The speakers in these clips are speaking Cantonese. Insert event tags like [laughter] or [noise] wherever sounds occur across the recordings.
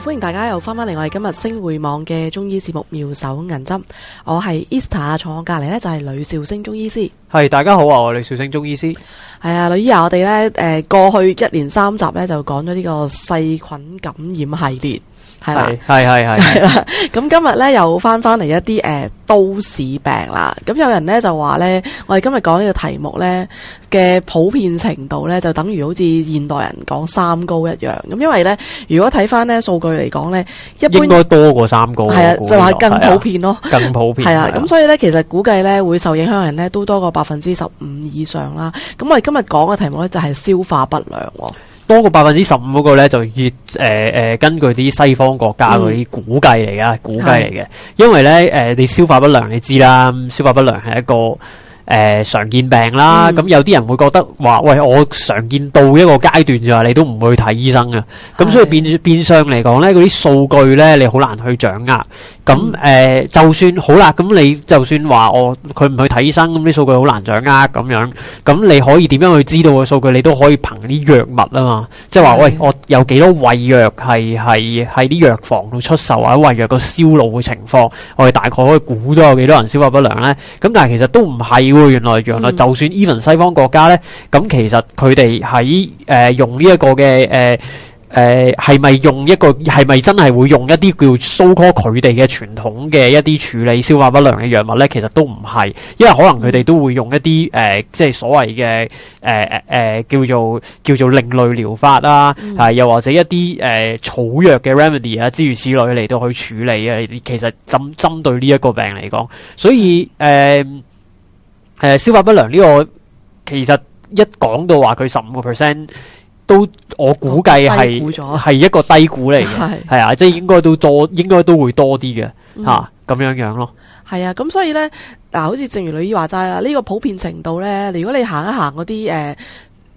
歡迎大家又翻返嚟，我哋今日星匯網嘅中醫節目妙手銀針，我係 Easter，坐我隔籬呢就係呂少星中醫師，係，大家好啊，我係呂少星中醫師。係啊，呂醫啊，我哋呢誒、呃、過去一連三集呢就講咗呢個細菌感染系列。係啦，係係係。咁今日咧又翻翻嚟一啲誒、呃、都市病啦。咁有人咧就話咧，我哋今日講呢個題目咧嘅普遍程度咧，就等於好似現代人講三高一樣。咁因為咧，如果睇翻咧數據嚟講咧，一般應該多過三高，係啊吧，就話更普遍咯，啊、更普遍。係啊，咁所以咧，其實估計咧會受影響人咧都多過百分之十五以上啦。咁吧吧我哋今日講嘅題目咧就係消化不良。多過百分之十五嗰個咧，就越誒誒、呃呃，根據啲西方國家嗰啲估計嚟噶，嗯、估計嚟嘅。因為咧，誒、呃、你消化不良，你知啦，消化不良係一個誒、呃、常見病啦。咁、嗯嗯、有啲人會覺得話，喂，我常見到一個階段就話，你都唔會去睇醫生呀。咁所以變的變相嚟講咧，嗰啲數據咧，你好難去掌握。咁誒、呃，就算好啦，咁你就算話我佢唔去睇醫生，咁啲數據好難掌握咁樣。咁你可以點樣去知道個數據？你都可以憑啲藥物啊嘛，即係話喂，我有幾多胃藥係係喺啲藥房度出售或者胃藥個銷路嘅情況，我哋大概可以估到有幾多人消化不良咧。咁但係其實都唔係喎，原來原來，就算 even、嗯、西方國家咧，咁其實佢哋喺誒用呢一個嘅誒。呃誒，係咪、呃、用一個係咪真係會用一啲叫 so-called 佢哋嘅傳統嘅一啲處理消化不良嘅藥物呢？其實都唔係，因為可能佢哋都會用一啲誒、呃，即係所謂嘅誒誒叫做叫做另類療法啦、啊，係、嗯呃、又或者一啲誒、呃、草藥嘅 remedy 啊，諸如此類嚟到去處理嘅、啊。其實針針對呢一個病嚟講，所以誒誒、呃呃、消化不良呢、這個其實一講到話佢十五個 percent。都我估計係係一個低估嚟嘅，係係啊，即係應該都多，應該都會多啲嘅吓，咁、嗯啊、樣樣咯。係啊，咁所以咧，嗱、啊，好似正如女醫話齋啦，呢個普遍程度咧，如果你行一行嗰啲誒。呃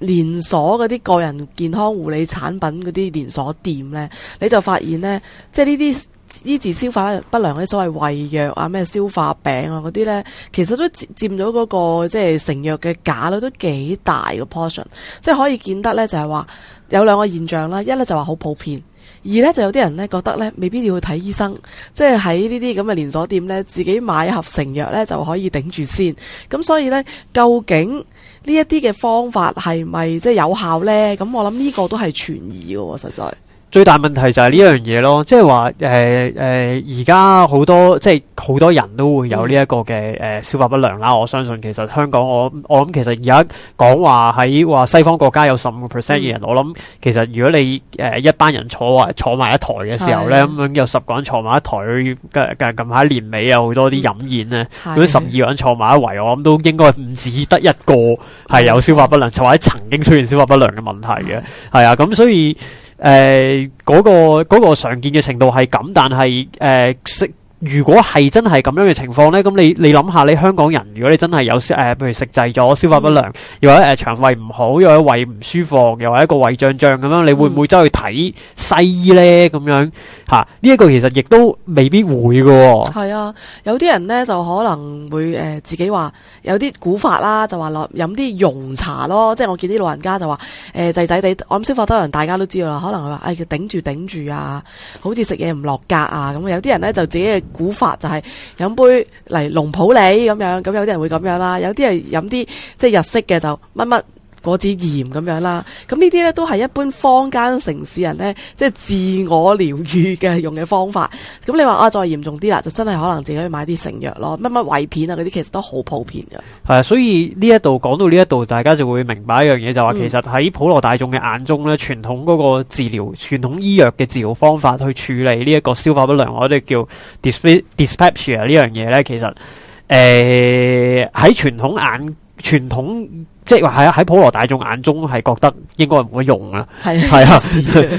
連鎖嗰啲個人健康護理產品嗰啲連鎖店呢，你就發現呢，即係呢啲醫治消化不良嗰啲所謂胃藥啊、咩消化餅啊嗰啲呢，其實都佔咗嗰個即係成藥嘅假率都幾大嘅 portion。即係可以見得呢，就係話有兩個現象啦，一呢，就話好普遍，二呢，就有啲人呢覺得呢，未必要去睇醫生，即係喺呢啲咁嘅連鎖店呢，自己買一盒成藥呢就可以頂住先。咁所以呢，究竟，呢一啲嘅方法係咪即係有效咧？咁我諗呢個都係存疑嘅喎，實在。最大問題就係呢樣嘢咯，即係話誒誒，而家好多即係好多人都會有呢一個嘅誒消化不良啦。我相信其實香港我我諗其實而家講話喺話西方國家有十五個 percent 嘅人，我諗其實如果你誒一班人坐埋坐埋一台嘅時候咧，咁樣有十個人坐埋一台，跟跟近排年尾有好多啲飲宴咧，嗰啲十二個人坐埋一圍，我諗都應該唔止得一個係有消化不良，就或者曾經出現消化不良嘅問題嘅，係啊，咁所以。誒嗰、呃嗰個嗰、嗰個常見嘅程度係咁，但係誒識。呃如果係真係咁樣嘅情況呢，咁你你諗下，你香港人如果你真係有誒、呃，譬如食滯咗、消化不良，又、嗯、或者誒、呃、腸胃唔好，又或者胃唔舒服，又或者個胃脹脹咁樣，你會唔會走去睇西醫呢？咁樣嚇呢一個其實亦都未必會嘅。係、嗯、啊，有啲人呢就可能會誒、呃、自己話有啲古法啦，就話落飲啲溶茶咯。即係我見啲老人家就話誒滯滯哋，我諗消化得人大家都知道啦。可能話誒、哎、頂住頂住啊，好似食嘢唔落格啊咁。有啲人呢就自己。古法就係、是、飲杯嚟龍普洱咁樣，咁有啲人會咁樣啦，有啲係飲啲即係日式嘅就乜乜。果子鹽咁樣啦，咁呢啲呢都係一般坊間城市人呢，即係自我療愈嘅用嘅方法。咁你話啊，再嚴重啲啦，就真係可能自己去買啲成藥咯，乜乜胃片啊嗰啲，其實都好普遍嘅。係啊，所以呢一度講到呢一度，大家就會明白一樣嘢，就話、是、其實喺普羅大眾嘅眼中呢，傳統嗰個治療傳統醫藥嘅治療方法去處理呢一個消化不良，我哋叫 dyspe dyspepsia 呢樣嘢呢，其實誒喺、呃、傳統眼傳統。即係話係啊，喺普羅大眾眼中係覺得應該冇乜用啊，係啊，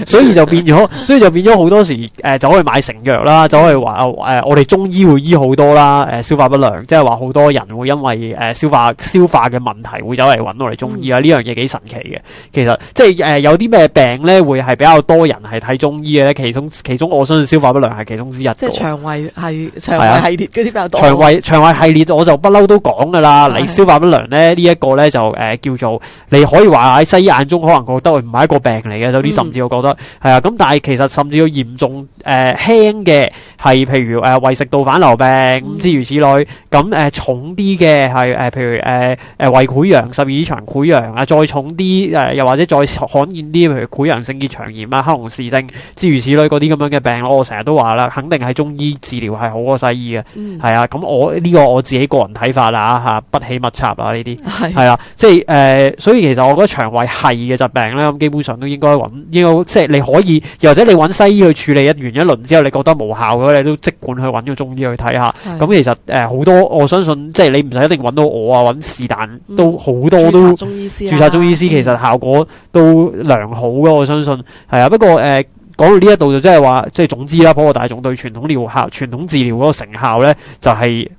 所以就變咗，所以就變咗好多時誒，走、呃、去買成藥啦，走去話誒，我哋中醫會醫好多啦，誒、呃，消化不良，即係話好多人會因為誒、呃、消化消化嘅問題會走嚟揾我哋中醫啊，呢、嗯、樣嘢幾神奇嘅，其實即係誒、呃、有啲咩病咧會係比較多人係睇中醫嘅咧？其中其中我相信消化不良係其中之一，即係腸胃係腸胃系列嗰啲比較多，腸胃腸胃系列我就不嬲都講噶啦，的對 你消化不良咧呢、這個、一個咧就。誒，叫做你可以話喺西醫眼中，可能覺得佢唔係一個病嚟嘅，有啲甚至我覺得係啊。咁但係其實甚至要嚴重誒輕嘅係，譬如誒胃食道反流病，咁諸如此類。咁誒重啲嘅係誒譬如誒誒胃潰瘍、十二指腸潰瘍啊。再重啲誒又或者再罕見啲，譬如潰瘍性結腸炎啊、克隆氏症，諸如此類嗰啲咁樣嘅病，我成日都話啦，肯定係中醫治療係好過西醫嘅。係啊，咁我呢個我自己個人睇法啦吓，不喜勿插啦呢啲係啊。即係誒、呃，所以其實我覺得腸胃係嘅疾病咧，咁、嗯、基本上都應該揾，應該即係你可以，又或者你揾西醫去處理一完一輪之後，你覺得無效嘅話你都即管去揾個中醫去睇下。咁是的、嗯、其實誒，好、呃、多我相信，即係你唔使一定揾到我啊，揾是但都好多都。嗯、注冊中醫師、啊，注冊中醫師其實效果都良好噶，我相信係啊。不過誒，講、呃、到呢一度就即係話，即係總之啦，普羅大眾對傳統療效、傳統治療嗰個成效咧，就係、是。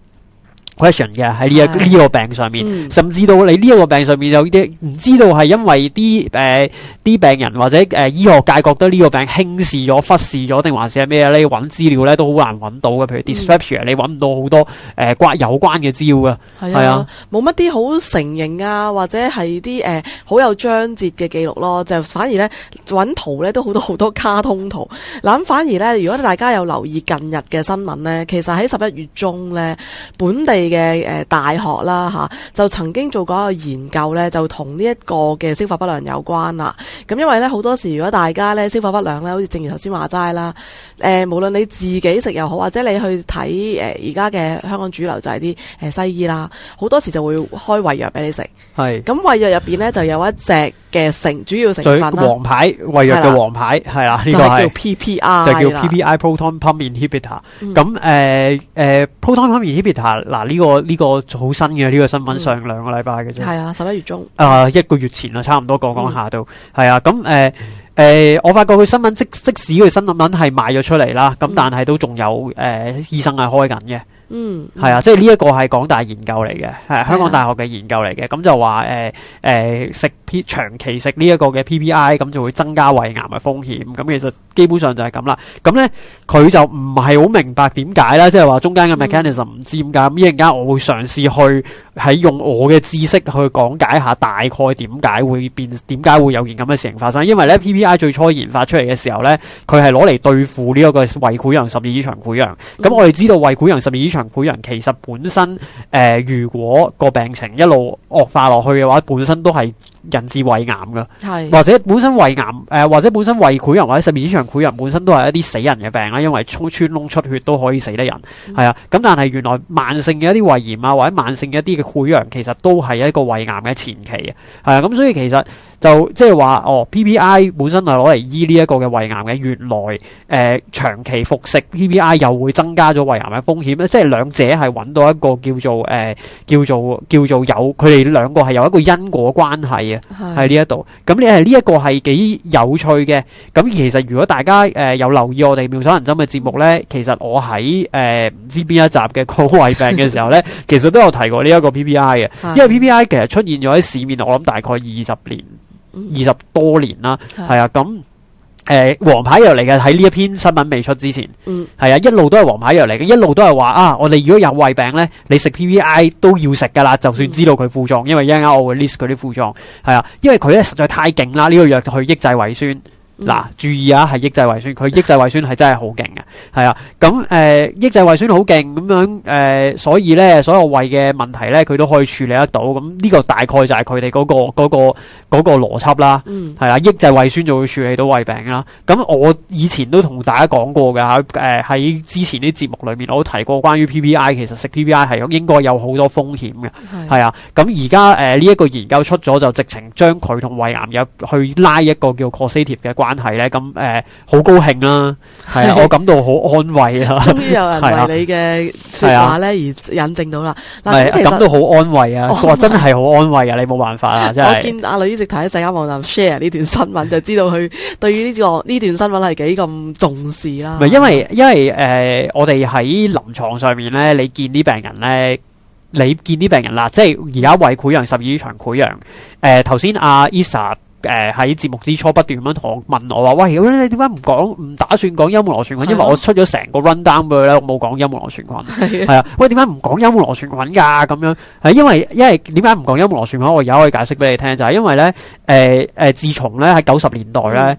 question 嘅，喺呢一呢個病上面，的甚至到你呢一個病上面有啲唔知道係因為啲誒啲病人或者誒、呃、醫學界覺得呢個病輕視咗、忽視咗，定還是係咩咧？揾資料咧都好難揾到嘅，譬如 dyspepsia、嗯、你揾唔到好多誒關、呃、有關嘅資料嘅，係啊，冇乜啲好成形啊，或者係啲誒好有章節嘅記錄咯，就反而咧揾圖咧都好多好多卡通圖。嗱咁，反而咧，如果大家有留意近日嘅新聞咧，其實喺十一月中咧本地。嘅誒大學啦嚇、啊，就曾經做過一個研究咧，就同呢一個嘅消化不良有關啦、啊。咁、嗯、因為咧好多時，如果大家咧消化不良咧，好似正如頭先話齋啦，誒、啊、無論你自己食又好，或者你去睇誒而家嘅香港主流就係啲誒西醫啦，好多時就會開胃藥俾你食。係。咁胃藥入邊咧就有一隻嘅成主要成分啦。最王牌胃藥嘅王牌係啦，呢個係就叫 PPI，就叫 PPI proton pump inhibitor。咁誒誒、呃呃呃、proton pump inhibitor 嗱呢、這個呢、這個好新嘅呢、這個新聞，上兩個禮拜嘅啫，係、嗯、啊十一月中，啊一個月前啊，差唔多過講講下到。係、嗯、啊咁誒誒，我發覺佢新聞即即使佢新聞聞係賣咗出嚟啦，咁、嗯、但係都仲有誒、呃、醫生係開緊嘅。嗯，係、嗯、啊，即係呢一個係港大研究嚟嘅，係、啊、香港大學嘅研究嚟嘅，咁、嗯嗯、就話誒誒食、P、長期食呢一個嘅 PPI 咁就會增加胃癌嘅風險，咁其實基本上就係咁啦。咁咧佢就唔係好明白點解啦，即係話中間嘅 mechanism 唔知點解，咁一陣間我會嘗試去喺用我嘅知識去講解下大概點解會變，點解會有件咁嘅事情發生。因為咧 PPI 最初研發出嚟嘅時候咧，佢係攞嚟對付呢一個胃潰瘍十二指腸潰瘍，咁我哋知道胃潰瘍十二指長本人其實本身，呃，如果個病情一路惡化落去嘅話，本身都係。引致胃癌噶，的或者本身胃癌，誒、呃、或者本身胃潰瘍，或者十二指腸潰瘍本身都係一啲死人嘅病啦。因為沖穿穿窿出血都可以死得人，係啊、嗯。咁但係原來慢性嘅一啲胃炎啊，或者慢性嘅一啲嘅潰瘍其實都係一個胃癌嘅前期啊。係啊，咁、嗯、所以其實就即係話哦，PPI 本身係攞嚟醫呢一個嘅胃癌嘅，原來誒、呃、長期服食 PPI 又會增加咗胃癌嘅風險，咧。即係兩者係揾到一個叫做誒叫做，叫做，叫做叫做有佢哋兩個係有一個因果關係啊。喺呢一度，咁你係呢一個係幾有趣嘅。咁其實如果大家誒、呃、有留意我哋妙手銀針嘅節目呢，其實我喺誒唔知邊一集嘅高胃病嘅時候呢， [laughs] 其實都有提過呢一個 PPI 嘅，的因為 PPI 其實出現咗喺市面，我諗大概二十年、二十多年啦，係啊的，咁。誒，黃、呃、牌藥嚟嘅，喺呢一篇新聞未出之前，係啊、嗯，一路都係黃牌藥嚟嘅，一路都係話啊，我哋如果有胃病咧，你食 PPI 都要食噶啦，就算知道佢副作用，因為一陣間我會 list 佢啲副作用，係啊，因為佢咧實在太勁啦，呢個藥去抑制胃酸。嗱、啊，注意啊，係抑制胃酸，佢抑制胃酸係真係好勁嘅，係啊，咁、嗯、誒，抑制胃酸好勁咁樣，誒、嗯、所以咧，所有胃嘅問題咧，佢都可以處理得到，咁、嗯、呢、這個大概就係佢哋嗰個嗰、那個嗰、那個那個邏輯啦，係啦、啊，抑制胃酸就會處理到胃病啦，咁、嗯、我以前都同大家講過嘅吓，誒、啊、喺、啊、之前啲節目裏面我都提過關於 PPI，其實食 PPI 係應該有好多風險嘅，係是的 啊，咁而家誒呢一個研究出咗就直情將佢同胃癌有去拉一個叫，叫 causative 嘅關係咧，咁誒，好、呃、高興啦，係我感到好安慰啊，終於有人為你嘅說話咧而引證到啦，嗱，感到好安慰啊，哇，真係好安慰啊，你冇辦法啊，真係。我見阿女一直睇社交網站 share 呢段新聞， [laughs] 就知道佢對於呢、這個呢段新聞係幾咁重視啦、啊。係，因為因為誒、呃，我哋喺臨床上面咧，你見啲病人咧，你見啲病人啦，即係而家胃潰瘍、十二指腸潰瘍，誒，頭、啊、先阿 Isa 誒喺、呃、節目之初不斷咁問我話：喂，你點解唔講唔打算講幽門螺旋菌？啊、因為我出咗成個 run down 俾佢我冇講幽門螺旋菌。係啊，啊，喂，點解唔講幽門螺旋菌㗎？咁樣係因為因為點解唔講幽門螺旋菌？我而家可以解釋俾你聽就係、是、因為咧誒誒，自從咧喺九十年代咧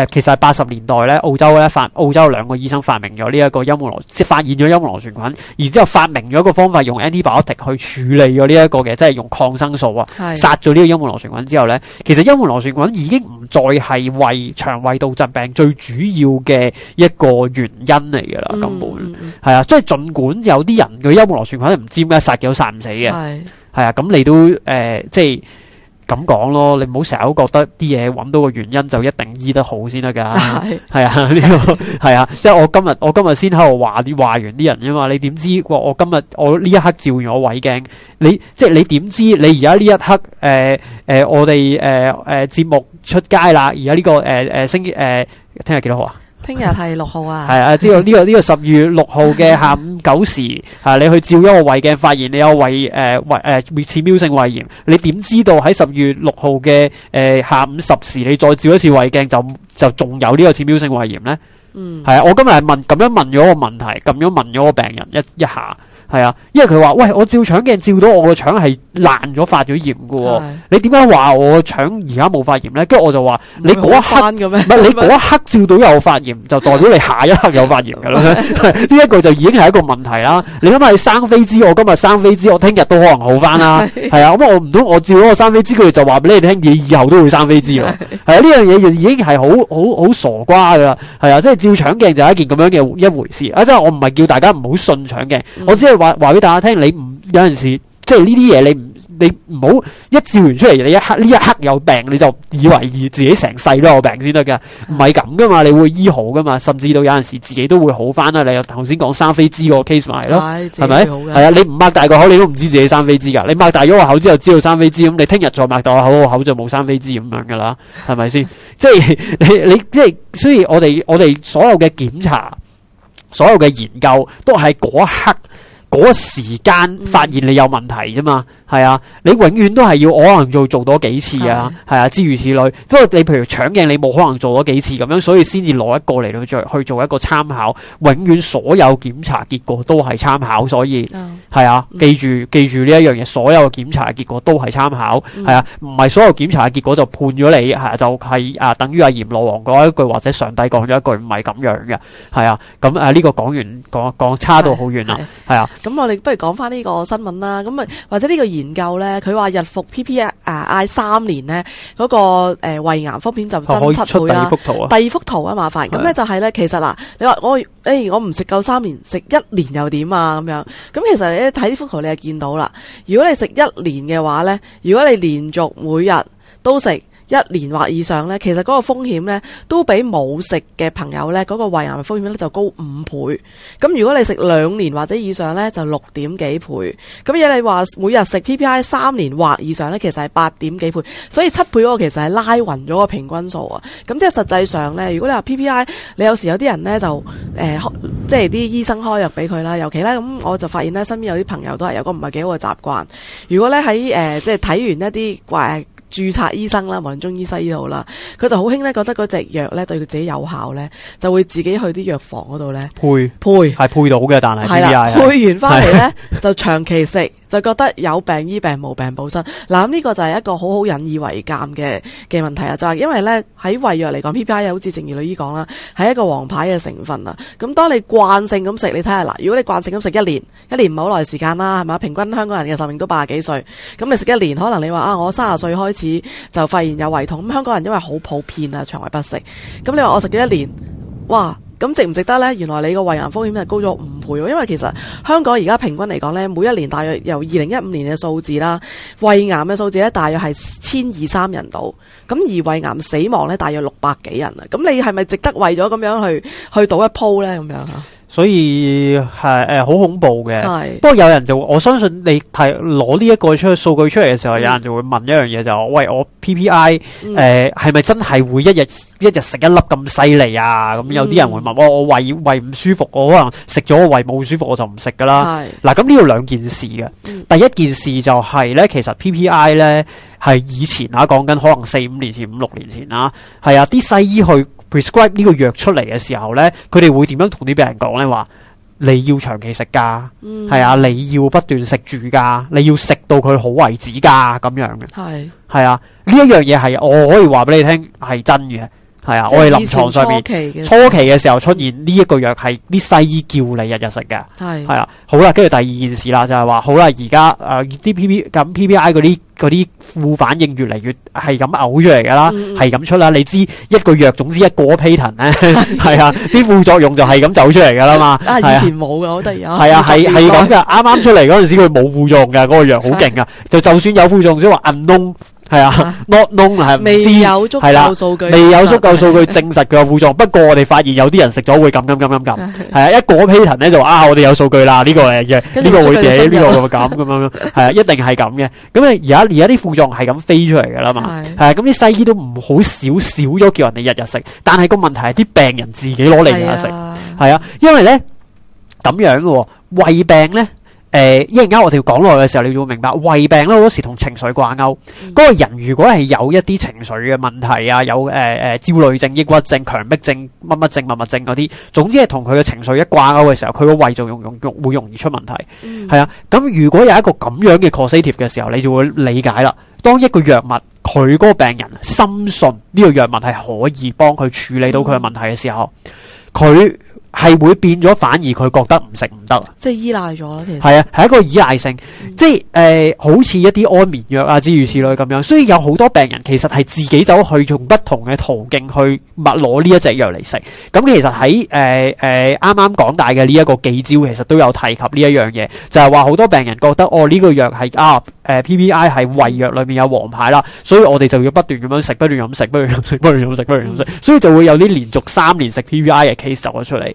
誒誒，其實係八十年代咧，澳洲咧發澳洲兩個醫生發明咗呢一個幽門螺旋發現咗幽門螺旋菌，然之後發明咗一個方法用 antibiotic 去處理咗呢一個嘅，即係用抗生素啊的殺咗呢個幽門螺旋菌之後咧，其實。幽門螺旋菌已經唔再係胃腸胃道疾病最主要嘅一個原因嚟㗎喇，根本係、嗯、啊，即係盡管有啲人嘅幽門螺旋菌唔知咩殺嘅都殺唔死嘅，係係是 啊，咁、嗯、你都誒、呃，即係。咁講咯，你唔好成日都覺得啲嘢揾到個原因就一定醫得好先得噶，係啊，呢、 [music] 啊這個係 [laughs] 啊，即係我今日我今日先喺度話啲話完啲人啫嘛，你點知我今日我呢一刻照完我胃鏡，你即係你點知你而家呢一刻誒誒、呃呃、我哋誒誒節目出街啦，而家呢個誒誒、呃、星期誒聽日幾多號啊？聽日係六號啊，係 [laughs] 啊，知道呢、這個呢、這個十二月六號嘅下午九時， [laughs] 啊，你去照咗個胃鏡，發現你有胃誒胃誒淺表性胃炎，你點知道喺十二月六號嘅誒下午十時，你再照一次胃鏡就就仲有呢個淺表性胃炎咧？嗯，係啊，我今日係問咁樣問咗個問題，咁樣問咗個病人一一下。係啊，因為佢話：喂，我照腸鏡照到我個腸係爛咗發咗炎嘅喎、哦的，你點解話我個腸而家冇發炎咧？跟住我就話：你嗰一刻咁樣？唔係你嗰一刻照到有發炎， [laughs] 就代表你下一刻有發炎嘅啦。呢 [laughs] 一個就已經係一個問題啦。 [laughs] 你諗下，你生痱滋，我今日生痱滋，我聽日都可能好返啦。係啊的，咁我唔通我照嗰個生痱滋，佢哋就話俾你聽，你以後都會生痱滋啊？係啊的，呢樣嘢已經係好好好傻瓜嘅啦。係啊，即係照腸鏡就係一件咁樣嘅一回事啊！即係我唔係叫大家唔好信腸鏡，嗯、我只係。話話俾大家聽，你唔，有陣時，即係呢啲嘢，你唔你唔好一照完出嚟，你一刻，呢一刻有病，你就以為自己成世都有病先得嘅，唔係咁噶嘛，你會醫好噶嘛，甚至到有陣時自己都會好翻啦。你頭先講生飛滋個 case 埋係咯，係咪、哎？係啊，你唔擘大個口，你都唔知自己生飛滋噶。你擘大咗個口之後，知道生飛滋，咁你聽日再擘大個口，個口就冇生飛滋咁樣噶啦，係咪先？即係你你即係，所以我哋我哋所有嘅檢查，所有嘅研究，都係嗰一刻。嗰個時間發現你有問題啫嘛，係啊，你永遠都係要可能做做多幾次啊，係啊，諸如此類。即係你譬如搶鏡，你冇可能做多幾次咁樣，所以先至攞一個嚟，去做去做一個參考。永遠所有檢查結果都係參考，所以係啊，記住記住呢一樣嘢，所有檢查結果都係參考，係啊，唔係所有檢查嘅結果就判咗你，係、啊、就係、係、啊，等於阿閻羅王講一句或者上帝講咗一句唔係咁樣嘅，係啊，咁誒呢個講完講講差到好遠啦，係啊。咁我哋不如講翻呢個新聞啦，咁啊或者呢個研究咧，佢話日服 PPI 三年咧，嗰、那個誒、呃、胃癌方面就增七倍。開出，、啊、第二幅圖啊！麻煩咁咧是的 就係咧，其實嗱，你話我誒、哎、我唔食夠三年，食一年又點啊？咁樣咁其實你睇呢幅圖你就見到啦，如果你食一年嘅話咧，如果你連續每日都食。一年或以上呢，其實嗰個風險呢，都比冇食嘅朋友呢，嗰個胃癌風險呢，嗰個、險就高五倍。咁如果你食兩年或者以上呢，就六點幾倍。咁如果你話每日食 PPI 三年或以上呢，其實係八點幾倍。所以七倍嗰個其實係拉勻咗個平均數啊。咁即係實際上呢，如果你話 PPI，你有時有啲人呢，就、呃、誒即係啲醫生開藥俾佢啦，尤其呢，咁我就發現呢，身邊有啲朋友都係有個唔係幾好嘅習慣。如果呢，喺誒、呃、即係睇完一啲怪。呃註冊醫生啦，無論中醫西醫度啦，佢就好興咧，覺得嗰隻藥咧對佢自己有效咧，就會自己去啲藥房嗰度咧配配係配到嘅，但係係啦，的配完翻嚟咧，就長期食。就覺得有病醫病，冇病保身。嗱、啊，呢、這個就係一個好好引以為鑒嘅嘅問題啊！就係因為呢，喺胃藥嚟講，PPI 又好似正如女醫講啦，係、啊、一個黃牌嘅成分啊。咁當你慣性咁食，你睇下嗱，如果你慣性咁食一年，一年唔係好耐時間啦，係咪？平均香港人嘅壽命都八十幾歲，咁、啊、你食一年，可能你話啊，我三十歲開始就發現有胃痛，咁、啊、香港人因為好普遍啊，腸胃不適，咁、啊、你話我食咗一年，哇！咁值唔值得呢？原來你個胃癌風險係高咗五倍喎，因為其實香港而家平均嚟講呢，每一年大約由二零一五年嘅數字啦，胃癌嘅數字呢，大約係千二三人度，咁而胃癌死亡呢，大約六百幾人啊，咁你係咪值得為咗咁樣去去賭一鋪呢？咁樣啊？所以係誒好恐怖嘅，是不過有人就會我相信你睇攞呢一個出數據出嚟嘅時候，嗯、有人就會問一樣嘢就係、是，喂我 PPI 誒係咪真係會一日一日食一粒咁犀利啊？咁有啲人會問，我、嗯哦、我胃胃唔舒服，我可能食咗個胃冇舒服，我就唔食噶啦。嗱咁呢度兩件事嘅，第一件事就係、是、咧，嗯、其實 PPI 咧。係以前啊，講緊可能四五年前，五六年前啦，係啊，啲西醫去 prescribe 呢個藥出嚟嘅時候呢，佢哋會點樣同啲病人講呢？話你要長期食噶，係、嗯、啊，你要不斷食住噶，你要食到佢好為止噶，咁樣嘅。係係是 啊，呢一樣嘢係我可以話俾你聽，係真嘅。係啊，我哋臨床上面初期嘅時候出現呢一個藥，係啲西醫叫你日日食嘅，係係啦，好啦，跟住第二件事啦就係話，好啦，而家誒啲 P P 咁 P P I 嗰啲啲副反應越嚟越係咁嘔出嚟噶啦，係咁出啦。你知一個藥總之一過 patent 咧，係啊，啲副作用就係咁走出嚟噶啦嘛。係啊，以前冇噶，好得意啊，係啊係係咁噶。啱啱出嚟嗰陣時佢冇副作用噶，嗰個藥好勁噶，就就算有副作用即話硬窿。係啊，not known 係未有足夠數據，未有足夠數據證實佢有副作用。不過我哋發現有啲人食咗會咁咁咁咁咁。係啊，一過批人咧就啊，我哋有數據啦，呢個嘅呢個會嘅呢個咁咁咁樣。係啊，一定係咁嘅。咁啊而家而家啲副作用係咁飛出嚟噶啦嘛。係啊。係啊。咁啲西醫都唔好少少咗叫人哋日日食，但係個問題係啲病人自己攞嚟日日食。係啊。係啊。因為咧咁樣嘅胃病咧。誒，呃、一陣間我哋講落嘅時候，你就會明白胃病咧好多時同情緒掛鈎。嗰、嗯、個人如果係有一啲情緒嘅問題啊，有誒誒、呃呃、焦慮症、抑鬱症、強迫症、乜乜症、乜乜症嗰啲，總之係同佢嘅情緒一掛鈎嘅時候，佢個胃就容容容會容易出問題。係、嗯、啊，咁如果有一個咁樣嘅 correlative 嘅時候，你就會理解啦。當一個藥物佢嗰個病人深信呢個藥物係可以幫佢處理到佢嘅問題嘅時候，佢。嗯嗯係會變咗，反而佢覺得唔食唔得，即係依賴咗，其實係啊，係一個依賴性，嗯、即係誒、呃，好似一啲安眠藥啊之如此類咁樣。所以有好多病人其實係自己走去用不同嘅途徑去密攞呢一隻藥嚟食咁其實喺誒誒啱啱講大嘅呢一個記招，其實都有提及呢一樣嘢，就係話好多病人覺得哦呢、這個藥係啊誒、呃、PPI 係胃藥裏面有王牌啦，所以我哋就要不斷咁樣食，不斷咁樣食，不斷咁樣食，不斷咁樣食，不斷咁樣食，所以就會有啲連續三年食 PPI 嘅 case 走咗出嚟。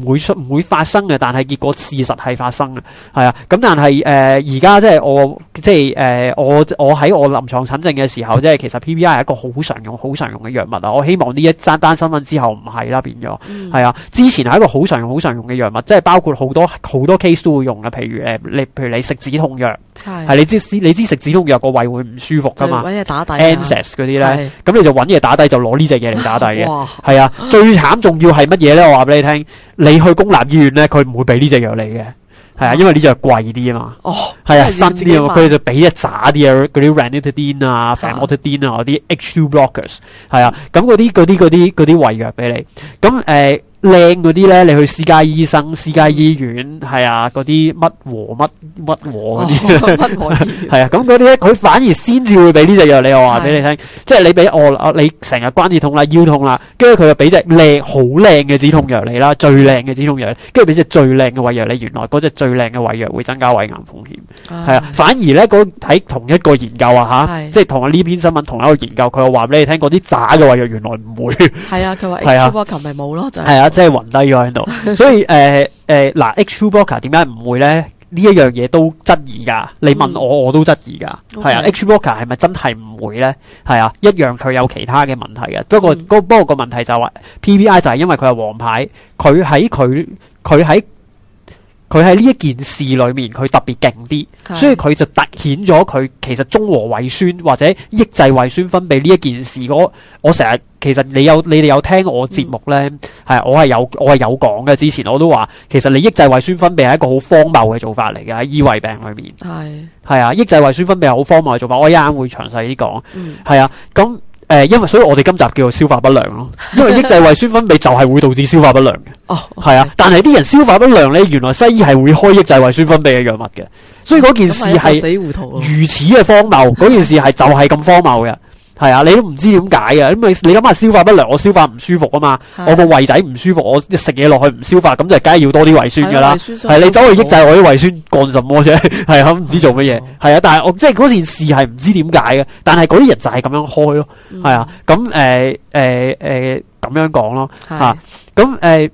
唔會出唔會發生嘅，但係結果事實係發生嘅，係啊。咁但係誒，而、呃、家即係我即係誒，我我喺我臨床診症嘅時候，嗯、即係其實 PPI 係一個好常用、好常用嘅藥物啊。我希望呢一單單新聞之後唔係啦，變咗係啊。之前係一個好常用、好常用嘅藥物，即係包括好多好多 case 都會用嘅，譬如誒，你、呃、譬如你食止痛藥係的，你知你知食止痛藥個胃會唔舒服㗎嘛，揾嘢打底，anses 嗰啲咧，咁你就揾嘢打底，就攞呢隻嘢嚟打底嘅係啊。最慘重要係乜嘢咧？我話俾你聽。你去公立醫院咧，佢唔會俾呢隻藥你嘅，係啊，因為呢隻係貴啲啊嘛。哦，係啊，新啲啊，佢哋就俾一揸啲啊，嗰啲 ranitidine 啊、famotidine 啊嗰啲 H2 blockers 係啊，咁嗰啲嗰啲嗰啲嗰啲胃藥俾你，咁誒。呃靚嗰啲咧，你去私家醫生、私家醫院，係啊，嗰啲乜和乜乜和嗰啲，乜和係啊，咁嗰啲咧，佢反而先至會俾呢隻藥你。我話俾你聽，即係你俾我，你成日關節痛啦、腰痛啦，跟住佢又俾隻靚好靚嘅止痛藥你啦，最靚嘅止痛藥，跟住俾隻最靚嘅胃藥你。原來嗰隻最靚嘅胃藥會增加胃癌風險，係啊，反而咧睇同一個研究啊吓，即係同呢篇新聞同一個研究，佢又話俾你聽嗰啲渣嘅胃藥原來唔會係啊，佢話係啊，阿琴咪冇咯就係。即係暈低咗喺度，所以誒誒嗱 H2 blocker 點解唔會咧？呢一樣嘢都質疑噶，你問我、嗯、我都質疑噶，係啊，H2 blocker 係咪真係唔會咧？係啊，一樣佢有其他嘅問題嘅，不過嗰、嗯、不過個問題就係、是、PPI 就係因為佢係黃牌，佢喺佢佢喺。佢喺呢一件事裏面，佢特別勁啲，是所以佢就突顯咗佢，其實中和胃酸或者抑制胃酸分泌呢一件事，我成日其實，你有你哋有聽我節目呢，係、嗯、我係有我係有講嘅。之前我都話，其實你抑制胃酸分泌係一個好荒謬嘅做法嚟嘅，喺醫胃病裏面。係係、嗯、啊，抑制胃酸分泌係好荒謬嘅做法。我一陣會詳細啲講。係、嗯、啊，咁。誒，因為所以我哋今集叫做消化不良咯，因為抑制胃酸分泌就係會導致消化不良嘅。哦，係啊，但係啲人消化不良咧，原來西醫係會開抑制胃酸分泌嘅藥物嘅，所以嗰件事係死糊塗，如此嘅荒謬，嗰 [laughs] 件事係就係咁荒謬嘅。係啊，你都唔知點解嘅。咁你你諗下消化不良，我消化唔舒服啊嘛，啊我個胃仔唔舒服，我食嘢落去唔消化，咁就梗係要多啲胃酸噶啦。係、啊啊、你走去抑制我啲胃酸幹什麼啫？係、嗯、啊，唔知做乜嘢。係、哎、呀啊，但係我即係嗰件事係唔知點解嘅，但係嗰啲人就係咁樣開咯。係、嗯、啊，咁誒誒誒咁樣講咯。係、啊，咁誒。呃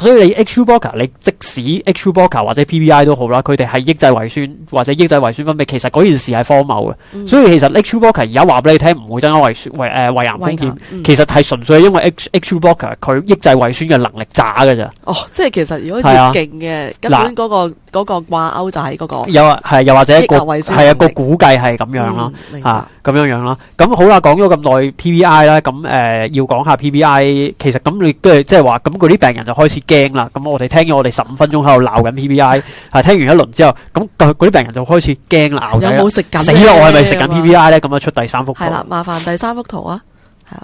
所以你 H2 blocker 你即使 H2 blocker 或者 PPI 都好啦，佢哋係抑制胃酸或者抑制胃酸分泌，其實嗰件事係荒謬嘅。嗯、所以其實 H2 blocker 而家話俾你聽唔會增加胃酸誒胃癌風險，嗯、其實係純粹因為 H2 blocker 佢抑制胃酸嘅能力渣嘅咋。哦，即係其實如果越勁嘅、啊、根本嗰、那個、那個掛鈎、那個、就係嗰、那個又係又或者一個係啊個估計係咁樣咯吓咁樣樣咯。咁好啦，講咗咁耐 PPI 啦，咁誒、呃、要講下 PPI，其實咁你即係即係話咁嗰啲病人就開始。驚啦！咁、嗯、我哋聽咗我哋十五分鐘喺度鬧緊 P P I，係聽完一輪之後，咁嗰啲病人就開始驚啦，鬧緊啦，有冇食緊呢？死啦！我係咪食緊 P P I 咧？咁啊，出第三幅圖係啦，麻煩第三幅圖啊，係啦。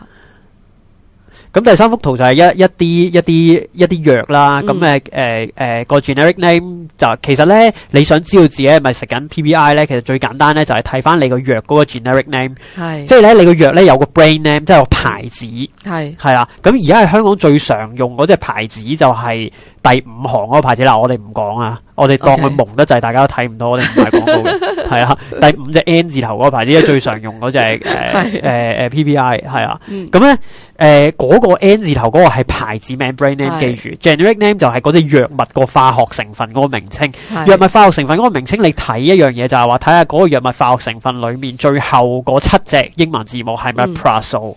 咁第三幅圖就係一一啲一啲一啲藥啦，咁誒誒誒個 generic name 就其實咧，你想知道自己係咪食緊 PPI 咧，其實最簡單咧就係睇翻你個藥嗰個 generic name，係是，即係咧你個藥咧有個 brand name，即係個牌子，係是，係啦，咁而家係香港最常用嗰隻牌子就係第五行嗰個牌子啦，我哋唔講啊。我哋當佢蒙得滯，大家都睇唔到，我哋唔賣廣告嘅，係啊。 [laughs] 第五隻 N 字頭嗰個牌子，呢個最常用嗰隻，誒誒誒 PPI，係啊。咁咧、 [laughs] 呃，誒、呃、嗰、嗯呃那個 N 字頭嗰個係牌子名 brand name 記住是的，generic name 就係嗰隻藥物個化學成分嗰個名稱。藥是的 物化學成分嗰個名稱，你睇一樣嘢就係話，睇下嗰個藥物化學成分裏面最後嗰七隻英文字母係咪 prazole。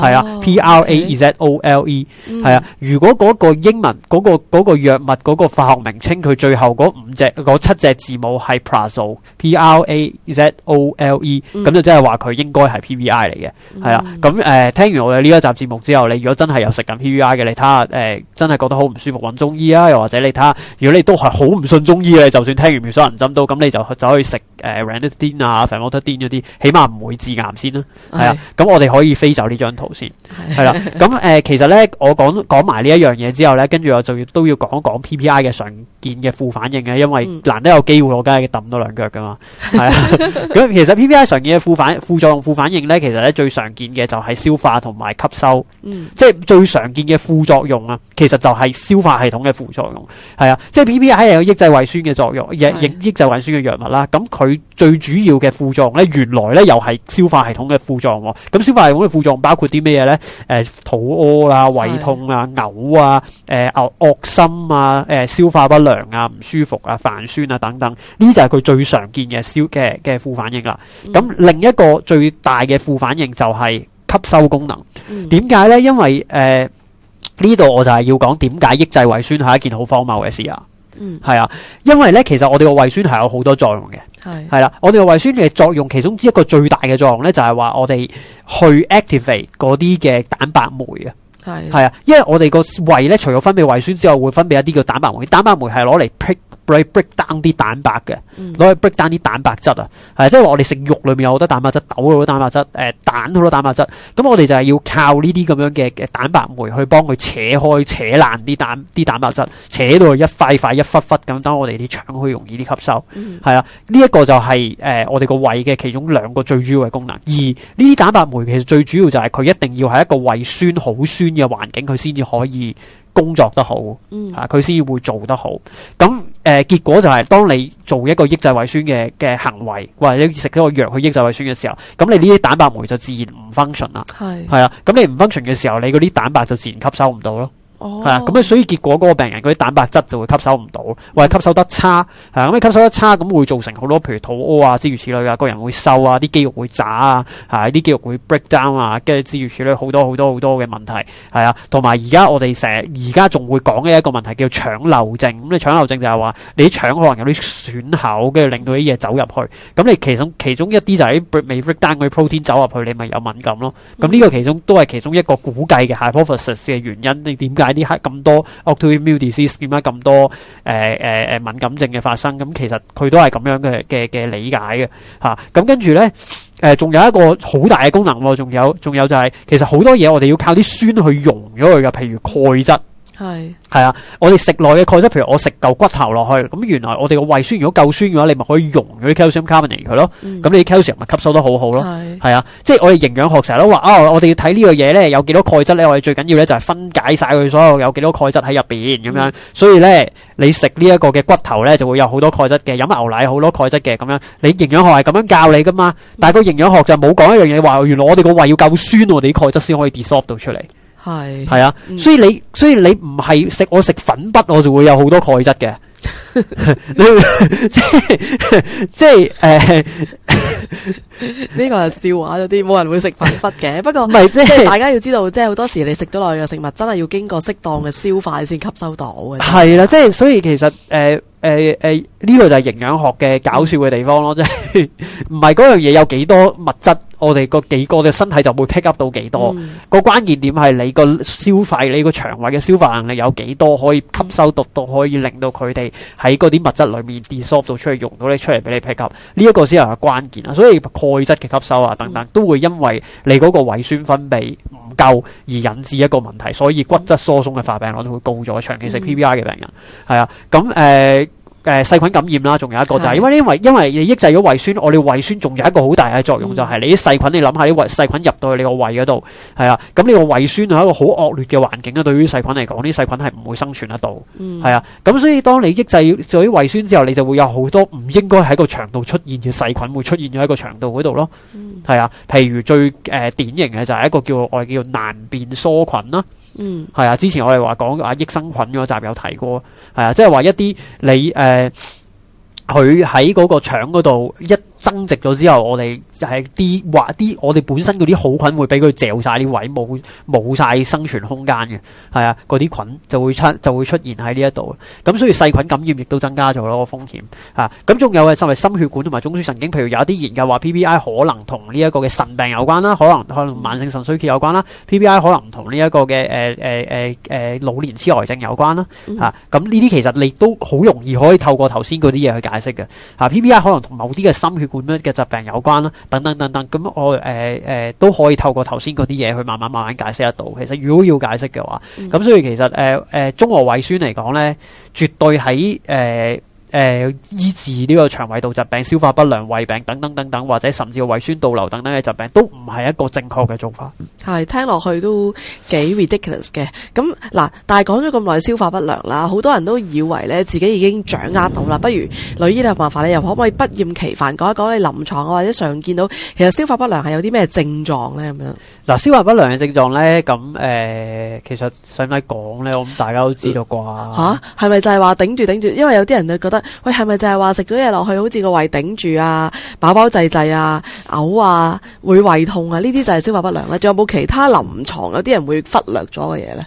係啊，P R A Z O L E，係啊。如果嗰個英文嗰個嗰個藥物嗰個化學名稱，佢最後嗰五隻嗰七隻字母係 prazole，P R A Z O L E，咁就即係話佢應該係 P P I 嚟嘅。係啊，咁誒，uh, 聽完我哋呢一集節目之後，你如果真係有食緊 P P I 嘅，你睇下誒，ia, 真係覺得好唔舒服，揾中醫啊。又或者你睇下，如果你都係好唔信中醫嘅，就算聽完妙手銀針都，咁你就走去食誒 ranitidine、famotidine 啲，起碼唔會致癌先啦。係啊、네，咁我哋可以飛走呢張。頭先係啦，咁誒、 [laughs] 呃，其實咧，我講講埋呢一樣嘢之後咧，跟住我就要都要講一講 PPI 嘅上。見嘅副反應嘅，因為難得有機會落街揼多兩腳噶嘛，係啊。咁其實 PPI 常見嘅副反副作用，副反應咧，其實咧最常見嘅就係消化同埋吸收，嗯，即係最常見嘅副作用啊。其實就係消化系統嘅副作用係啊，即係 PPI 係有抑制胃酸嘅作用，是抑制胃酸嘅藥物啦。咁佢最主要嘅副作用咧，原來咧又係消化系統嘅副作用。咁消化系統嘅副作用包括啲咩嘢咧？誒、呃，肚屙啦、胃痛啊、嘔、呃、啊、誒、呃、惡、呃、心啊、誒、呃、消化不良。涼啊，唔舒服啊，泛酸啊等等，呢就係佢最常見嘅消嘅嘅副反應啦。咁、嗯、另一個最大嘅副反應就係吸收功能。點解、嗯、呢？因為誒呢度我就係要講點解抑制胃酸係一件好荒謬嘅事啊。係、嗯、啊，因為呢，其實我哋個胃酸係有好多作用嘅，係係啦，我哋個胃酸嘅作用其中之一個最大嘅作用呢，就係、是、話我哋去 activate 嗰啲嘅蛋白酶啊。係係啊，因為我哋個胃咧，除咗分泌胃酸之外，會分泌一啲叫蛋白酶。蛋白酶係攞嚟劈。break break down 啲蛋白嘅，攞去、嗯、break down 啲蛋白質啊，係即係話我哋食肉裏面有好多蛋白質，豆好多蛋白質，誒、呃、蛋好多蛋白質，咁我哋就係要靠呢啲咁樣嘅嘅蛋白酶去幫佢扯開、扯爛啲蛋、啲蛋白質，扯到去一塊塊、一忽忽咁，等我哋啲腸去容易啲吸收，係、嗯、啊，呢、這、一個就係、是、誒、呃、我哋個胃嘅其中兩個最主要嘅功能。而呢啲蛋白酶其實最主要就係佢一定要係一個胃酸好酸嘅環境，佢先至可以。工作得好，啊，佢先會做得好。咁誒、呃，結果就係、是、當你做一個抑制胃酸嘅嘅行為，或者食一個藥去抑制胃酸嘅時候，咁你呢啲蛋白酶就自然唔 function 啦。係係是啊，咁你唔 function 嘅時候，你嗰啲蛋白就自然吸收唔到咯。係、哦、啊，咁、嗯、所以結果嗰個病人嗰啲蛋白質就會吸收唔到，或者吸收得差，吓咁、啊嗯、吸收得差咁會造成好多譬如肚屙啊諸如此類啊，個人會瘦啊，啲肌肉會渣啊，吓啲、啊、肌肉會 break down 啊，跟住諸如此類好多好多好多嘅問題，係啊，同埋而家我哋成日而家仲會講嘅一個問題叫腸漏症，咁、嗯、你腸漏症就係話你腸可能有啲損口，跟住令到啲嘢走入去，咁、嗯、你其中其中一啲就係未 break, break down 嘅 protein 走入去，你咪有敏感咯，咁、嗯、呢、嗯、個其中都係其中一個估計嘅 hypothesis 嘅原因，點解？呢刻咁多 autoimmune disease 點解咁多誒誒誒敏感症嘅發生咁？其實佢都係咁樣嘅嘅嘅理解嘅吓咁。跟住咧誒，仲、呃、有一個好大嘅功能，仲有仲有就係、是、其實好多嘢我哋要靠啲酸去溶咗佢嘅，譬如鈣質。係，係啊！我哋食內嘅鈣質，譬如我食嚿骨頭落去，咁、嗯、原來我哋個胃酸如果夠酸嘅話，你咪可以溶咗啲 calcium carbonate 佢咯。咁、嗯、你 calcium 咪吸收得好好咯。係是啊，即係我哋營養學成日都話哦，我哋要睇呢樣嘢咧，有幾多鈣質咧，我哋最緊要咧就係、是、分解晒佢所有有幾多鈣質喺入邊咁樣。嗯、所以咧，你食呢一個嘅骨頭咧就會有好多鈣質嘅，飲牛奶好多鈣質嘅咁樣。你營養學係咁樣教你噶嘛？但係個營養學就冇講一樣嘢，話原來我哋個胃要夠酸，我哋啲鈣質先可以 dissolve 到出嚟。係係啊，所以你所以你唔係食我食粉筆，我就會有好多鈣質嘅。你即係即係誒，呢、就是呃、 [laughs] 個係笑話咗啲，冇人會食粉筆嘅。不過唔係，即係、就是、大家要知道，即係好多時你食咗落去嘅食物，真係要經過適當嘅消化先吸收到嘅。係啦， [laughs] 即、就、係、是、所以其實誒誒誒呢個就係營養學嘅搞笑嘅地方咯，即係唔係嗰樣嘢有幾多物質。我哋個幾個嘅身體就會 pick up 到幾多？個、嗯、關鍵點係你個消化，你個腸胃嘅消化能力有幾多可以吸收毒到可以令到佢哋喺嗰啲物質裏面 dissolve 到出去溶到你出嚟俾你 Pick up。呢一個先係關鍵啊！所以鈣質嘅吸收啊等等、嗯、都會因為你嗰個胃酸分泌唔夠而引致一個問題，所以骨質疏鬆嘅發病率都會高咗。長期食 PPI 嘅病人係啊，咁誒、嗯。誒，細、呃、菌感染啦，仲有一個是就係因為因為因為你抑制咗胃酸，我哋胃酸仲有一個好大嘅作用、嗯、就係你啲細菌，你諗下啲胃細菌入到去你個胃嗰度，係啊，咁你個胃酸係一個好惡劣嘅環境啊，對於細菌嚟講，啲細菌係唔會生存得到，係、嗯、啊，咁所以當你抑制咗胃酸之後，你就會有好多唔應該喺個腸度出現嘅細菌會出現咗喺個腸度嗰度咯，係、嗯、啊，譬如最誒、呃、典型嘅就係一個叫我哋叫難辨梭菌啦，係、嗯、啊，之前我哋話講啊益生菌嗰集有提過。係啊，即係話一啲你誒，佢喺嗰個腸嗰度一增殖咗之後，我哋，就係啲或啲我哋本身嗰啲好菌會俾佢嚼晒啲位，冇冇曬生存空間嘅，係啊，嗰啲菌就會出就會出現喺呢一度，咁所以細菌感染亦都增加咗個風險啊！咁仲有嘅，作為心血管同埋中樞神經，譬如有一啲研究話 PPI 可能同呢一個嘅腎病有關啦，可能可能慢性腎衰竭有關啦，嗯，PPI 可能同呢一個嘅誒誒誒誒老年痴呆症有關啦，啊！咁呢啲其實你都好容易可以透過頭先嗰啲嘢去解釋嘅，啊！PPI 可能同某啲嘅心血管咩嘅疾病有關啦。等等等等，咁我誒誒、呃呃、都可以透過頭先嗰啲嘢去慢慢慢慢解釋得到。其實如果要解釋嘅話，咁、嗯、所以其實誒誒、呃呃、中和胃酸嚟講咧，絕對喺誒。呃誒、呃，醫治呢個腸胃道疾病、消化不良、胃病等等等等，或者甚至胃酸倒流等等嘅疾病，都唔係一個正確嘅做法。係，聽落去都幾 ridiculous 嘅。咁嗱，但係講咗咁耐消化不良啦，好多人都以為咧自己已經掌握到啦。不如女醫咧，有冇麻煩你又可唔可以不厭其煩講一講你臨床或者常見到，其實消化不良係有啲咩症狀咧？咁樣嗱，消化不良嘅症狀咧，咁誒、呃，其實使唔使講咧？我諗大家都知道啩吓，係咪、啊、就係話頂住頂住？因為有啲人就覺得。喂，係咪就係話食咗嘢落去，好似個胃頂住啊，飽飽滯滯啊，嘔啊，會胃痛啊？呢啲就係消化不良啦。仲有冇其他臨床有啲人會忽略咗嘅嘢呢？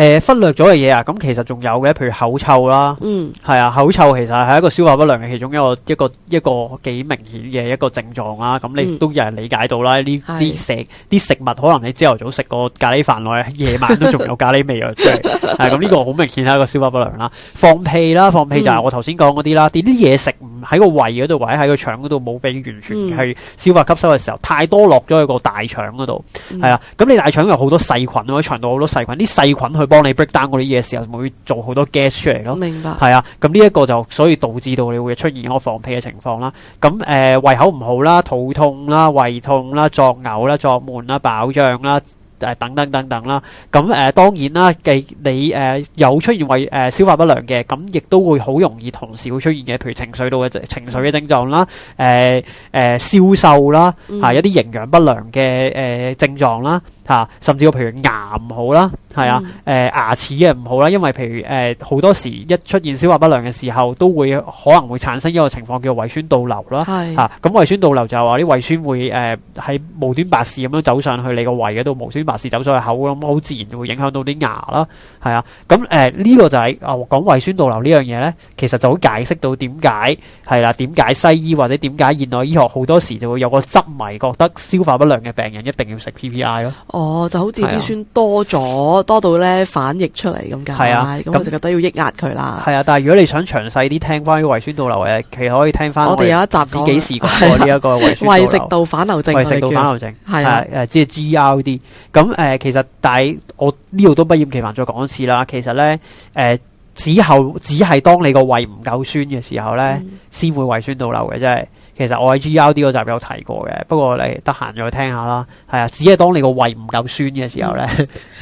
誒忽略咗嘅嘢啊，咁其實仲有嘅，譬如口臭啦，嗯，係啊，口臭其實係一個消化不良嘅其中一個一個一個幾明顯嘅一個症狀啦。咁你都有人理解到啦，呢啲食啲食物可能你朝頭早食過咖喱飯落去，夜晚都仲有咖喱味啊，即係係咁呢個好明顯係一個消化不良啦。放屁啦，放屁就係我頭先講嗰啲啦，啲啲嘢食唔喺個胃嗰度，或者喺個腸嗰度冇俾完全係消化吸收嘅時候，太多落咗喺個大腸嗰度，係啊，咁你大腸有好多細菌啊，腸道好多細菌，啲細菌去。幫你 break down 嗰啲嘢時候，會做好多 gas 出嚟咯。明白。係啊，咁呢一個就所以導致到你會出現我放屁嘅情況啦。咁誒、呃，胃口唔好啦，肚痛啦，胃痛啦，作嘔，嘔啦，作悶啦，飽脹啦。誒等等等等啦，咁誒當然啦，既你誒有出現胃誒消化不良嘅，咁亦都會好容易同時會出現嘅，譬如情緒度嘅情緒嘅症狀啦，誒誒消瘦啦，嚇一啲營養不良嘅誒症狀啦，嚇甚至乎譬如牙唔好啦，係啊，誒牙齒嘅唔好啦，因為譬如誒好多時一出現消化不良嘅時候，都會可能會產生一個情況叫胃酸倒流啦，係嚇，咁胃酸倒流就係話啲胃酸會誒喺無端白事咁樣走上去你個胃嗰度無端。牙是走咗去口咁，好自然就會影響到啲牙啦，係啊。咁誒呢個就係、是、講、啊、胃酸倒流呢樣嘢咧，其實就好解釋到點解係啦，點解、啊、西醫或者點解現代醫學好多時就會有個執迷覺得消化不良嘅病人一定要食 PPI 咯。哦，就好似啲酸多咗，啊、多到咧反溢出嚟咁解。係啊，咁就覺得要抑壓佢啦。係啊，但係如果你想詳細啲聽翻啲胃酸倒流嘅，其實可以聽翻我哋有一集幾時講過呢一個胃酸倒流 [laughs] 胃食道反流症。胃食道反流症係啊，即係 G R D 咁誒、嗯，其實但係我呢度都不厭其煩再講一次啦。其實咧，誒、呃、之後只係當你個胃唔夠酸嘅時候咧，先、嗯、會胃酸倒流嘅。即係其實我喺 G R D 個集有提過嘅，不過你得閒再聽下啦。係、嗯、 [laughs] 啊，只係當你個胃唔夠酸嘅時候咧，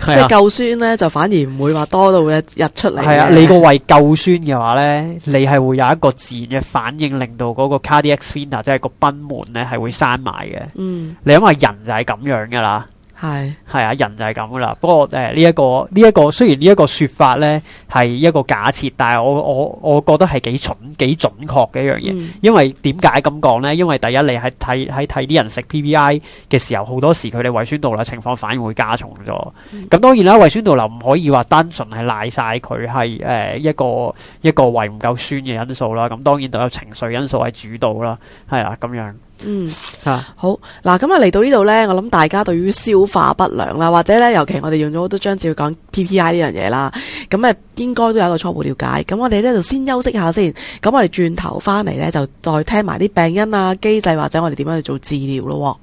即係夠酸咧就反而唔會話多到日日出嚟。係、嗯、啊，你個胃夠酸嘅話咧，你係會有一個自然嘅反應，令到嗰個 cardiac sphincter 即係個賁門咧係會閂埋嘅。 [laughs] 你因為人就係咁樣噶啦。係係啊，人就係咁噶啦。不過誒，呢、呃、一、這個呢一、這個雖然呢一個說法咧係一個假設，但係我我我覺得係幾準幾準確嘅一樣嘢。嗯、因為點解咁講咧？因為第一，你喺睇喺睇啲人食 PPI 嘅時候，好多時佢哋胃酸倒流嘅情況反而會加重咗。咁、嗯、當然啦，胃酸倒流唔可以話單純係賴晒佢係誒一個一個胃唔夠酸嘅因素啦。咁當然就有情緒因素係主導啦。係啦，咁樣。嗯吓、啊、好嗱，咁啊嚟到呢度呢，我諗大家對於消化不良啦，或者呢，尤其我哋用咗好多章節講 PPI 呢樣嘢啦，咁啊應該都有一個初步了解。咁我哋呢就先休息下先，咁我哋轉頭翻嚟呢，就再聽埋啲病因啊機制或者我哋點樣去做治療咯。